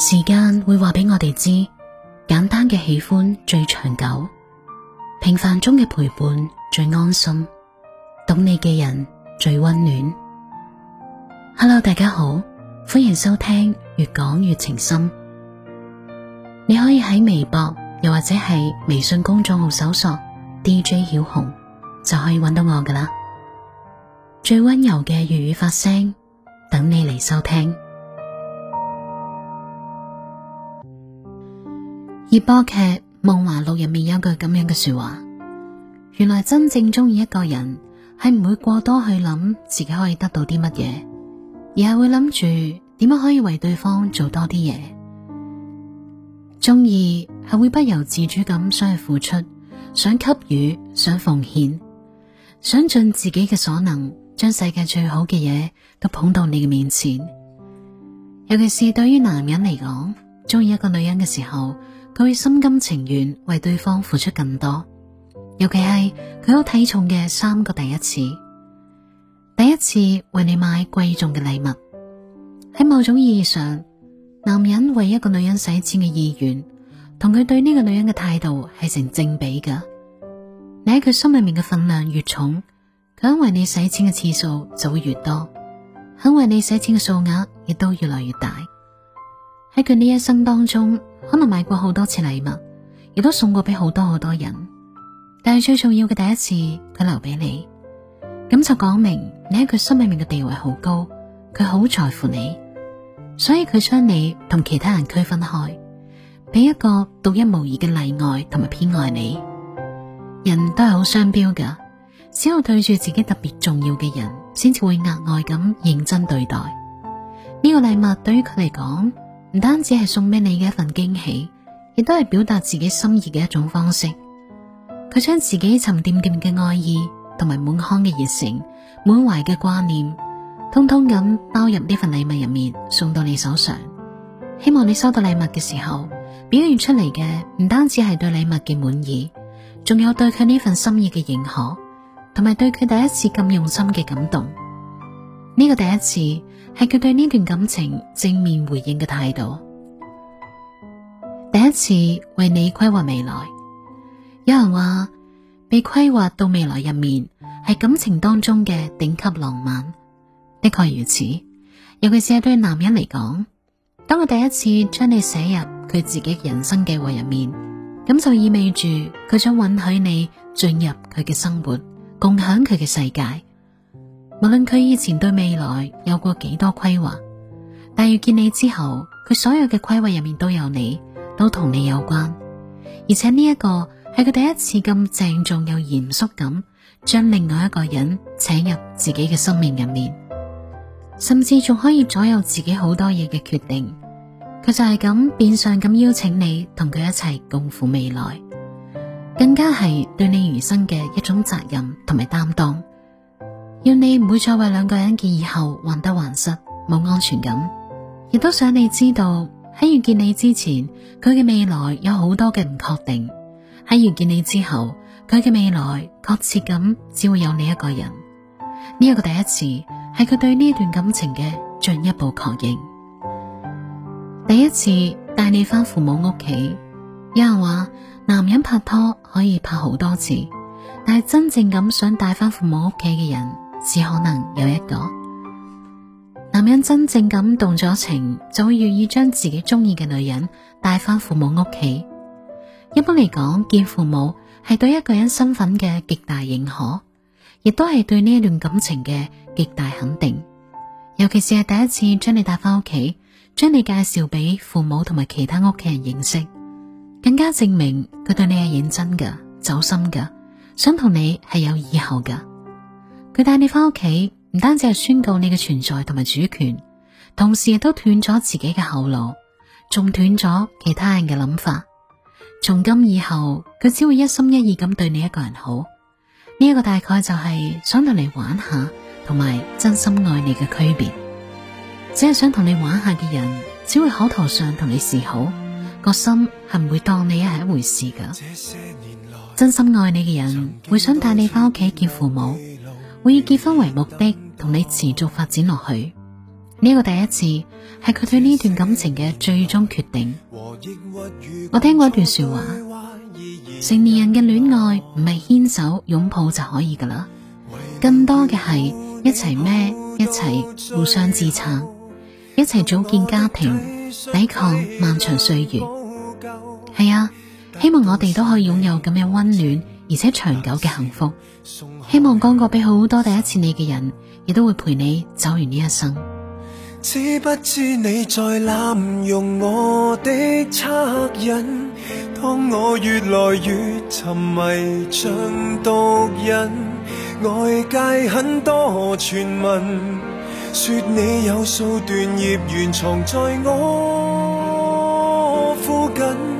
時間會話俾我哋知，簡單嘅喜歡最長久，平凡中嘅陪伴最安心，懂你嘅人最溫暖。Hello，大家好，歡迎收聽越講越情深。你可以喺微博又或者係微信公眾號搜索 DJ 曉紅，就可以揾到我噶啦。最溫柔嘅粵語發聲，等你嚟收聽。熱播劇《夢華錄》入面有一句咁樣嘅說話：原來真正中意一個人，係唔會過多去諗自己可以得到啲乜嘢，而係會諗住點樣可以為對方做多啲嘢。中意係會不由自主咁想去付出，想給予，想奉獻，想盡自己嘅所能，將世界最好嘅嘢都捧到你嘅面前。尤其是對於男人嚟講。中意一個女人嘅時候，佢會心甘情願為對方付出更多。尤其係佢好睇重嘅三個第一次，第一次為你買貴重嘅禮物。喺某種意義上，男人為一個女人使錢嘅意願，同佢對呢個女人嘅態度係成正比㗎。你喺佢心裏面嘅份量越重，佢肯為你使錢嘅次數就會越多，肯為你使錢嘅數額亦都越來越大。喺佢呢一生當中，可能買過好多次禮物，亦都送過俾好多好多人。但係最重要嘅第一次，佢留俾你，咁就講明你喺佢心裏面嘅地位好高，佢好在乎你，所以佢將你同其他人區分開，俾一個獨一無二嘅例外同埋偏愛你。人都係好雙標噶，只有對住自己特別重要嘅人，先至會額外咁認真對待呢個禮物，對於佢嚟講，唔單止係送俾你嘅一份驚喜，亦都係表達自己心意嘅一種方式。佢將自己沉甸甸嘅愛意，同埋滿腔嘅熱誠，滿懷嘅掛念，通通咁包入呢份禮物入面，送到你手上。希望你收到禮物嘅時候，表現出嚟嘅唔單止係對禮物嘅滿意，仲有對佢呢份心意嘅認可，同埋對佢第一次咁用心嘅感動。呢個第一次。係佢對呢段感情正面回應嘅態度。第一次為你規劃未來，有人話被規劃到未來入面係感情當中嘅頂級浪漫，的確如此。尤其是係對男人嚟講，當佢第一次將你寫入佢自己人生計劃入面，咁就意味住佢想允許你進入佢嘅生活，共享佢嘅世界。無論佢以前對未來有過幾多規劃，但遇見你之後，佢所有嘅規劃入面都有你，都同你有關。而且呢一個係佢第一次咁鄭重又嚴肅咁，將另外一個人請入自己嘅生命入面，甚至仲可以左右自己好多嘢嘅決定。佢就係咁變相咁邀請你同佢一齊共赴未來，更加係對你餘生嘅一種責任同埋擔當。要你唔會再為兩個人嘅以後患得患失，冇安全感，亦都想你知道喺遇見你之前，佢嘅未來有好多嘅唔確定；喺遇見你之後，佢嘅未來確切咁只會有你一個人。呢、這、一個第一次係佢對呢段感情嘅進一步確認。第一次帶你翻父母屋企，有人話男人拍拖可以拍好多次，但係真正咁想帶翻父母屋企嘅人。只可能有一個男人真正咁動咗情，就會願意將自己中意嘅女人帶翻父母屋企。一般嚟講，見父母係對一個人身份嘅極大認可，亦都係對呢一段感情嘅極大肯定。尤其是係第一次將你帶翻屋企，將你介紹俾父母同埋其他屋企人認識，更加證明佢對你係認真㗎、走心㗎，想同你係有以後㗎。佢帶你翻屋企，唔單止係宣告你嘅存在同埋主權，同時亦都斷咗自己嘅後路，仲斷咗其他人嘅諗法。從今以後，佢只會一心一意咁對你一個人好。呢、這、一個大概就係想同你玩下同埋真心愛你嘅區別。只係想同你玩下嘅人，只會口頭上同你示好，個心係唔會當你係一回事噶。真心愛你嘅人，會想帶你翻屋企見父母。會以結婚為目的同你持續發展落去，呢個第一次係佢對呢段感情嘅最終決定。我聽過一段說話，成年人嘅戀愛唔係牽手擁抱就可以噶啦，更多嘅係一齊孭，一齊互相支撐，一齊組建家庭，抵抗漫長歲月。係啊，希望我哋都可以擁有咁樣嘅溫暖。而且長久嘅幸福，希望剛過俾好多第一次你嘅人，亦都會陪你走完呢一生。 知不知你在濫用我的惻隱？當我越來越沉迷，像毒癮。外界很多傳聞，說你有數段孽緣藏在我附近。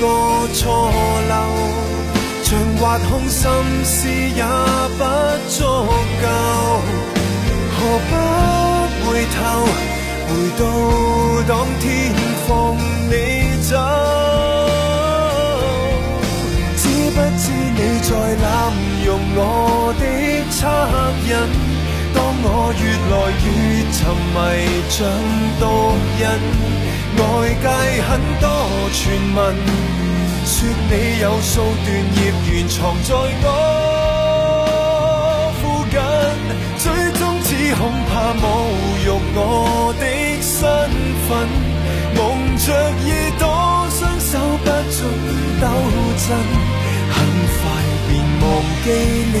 個錯漏，像挖空心思也不足夠，何不回頭，回到當天放你走？知不知你在濫用我的惻隱？當我越來越沉迷像毒癮。外界很多傳聞說你有數段孽緣藏在我附近，最終只恐怕侮辱我的身份。蒙着耳朵，雙手不準抖震，很快便忘記了。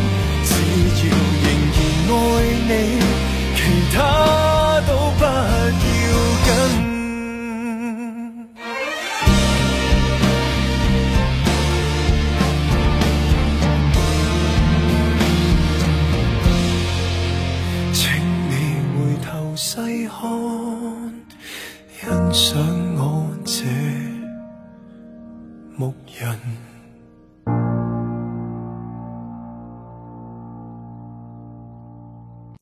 其他都不要緊。請你回頭細看，欣賞我這牧人。